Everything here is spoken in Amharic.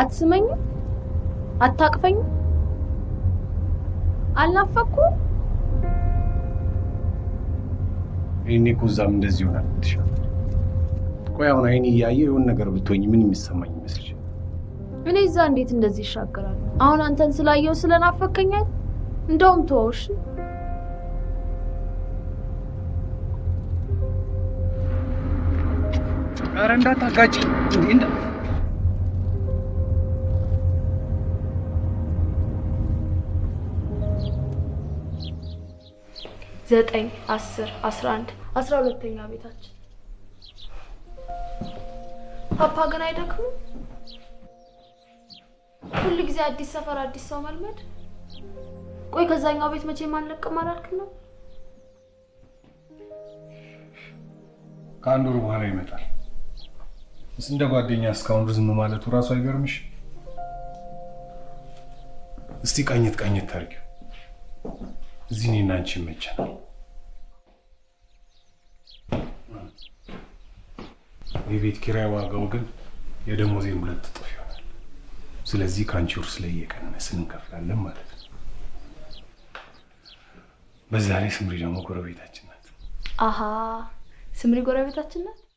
አትስመኝም? አታቅፈኝም? አልናፈኩ? እኔ እኮ እዛም እንደዚህ ይሆናል። ቆይ አሁን አይኔ እያየ የሆን ነገር ብትሆኝ ምን የሚሰማኝ ይመስልሽ? እኔ እዛ እንዴት እንደዚህ ይሻገራል? አሁን አንተን ስላየው ስለናፈከኛል። እንደውም ተወውሽ ኧረ እንዳታጋጭ ዘጠኝ አስር አስራ አንድ አስራ ሁለተኛ ቤታችን። ፓፓ ግን አይደክሙም? ሁል ጊዜ አዲስ ሰፈር አዲስ ሰው መልመድ። ቆይ ከዛኛው ቤት መቼ ማንለቅም አላልክ ነው? ከአንድ ወር በኋላ ይመጣል። እንደ ጓደኛ እስካሁን ዝም ማለቱ እራሱ አይገርምሽ? እስቲ ቀኝት ቀኝት ታርጊው እዚህ እኔና አንቺ ይመቸናል። የቤት ኪራይ ዋጋው ግን የደሞዜን ሁለት እጥፍ ይሆናል። ስለዚህ ከአንቺ ውርስ ላይ እየቀነስን እንከፍላለን ማለት ነው። በዛ ላይ ስምሪ ደግሞ ጎረቤታችን ናት። አሀ ስምሪ ጎረቤታችን ናት።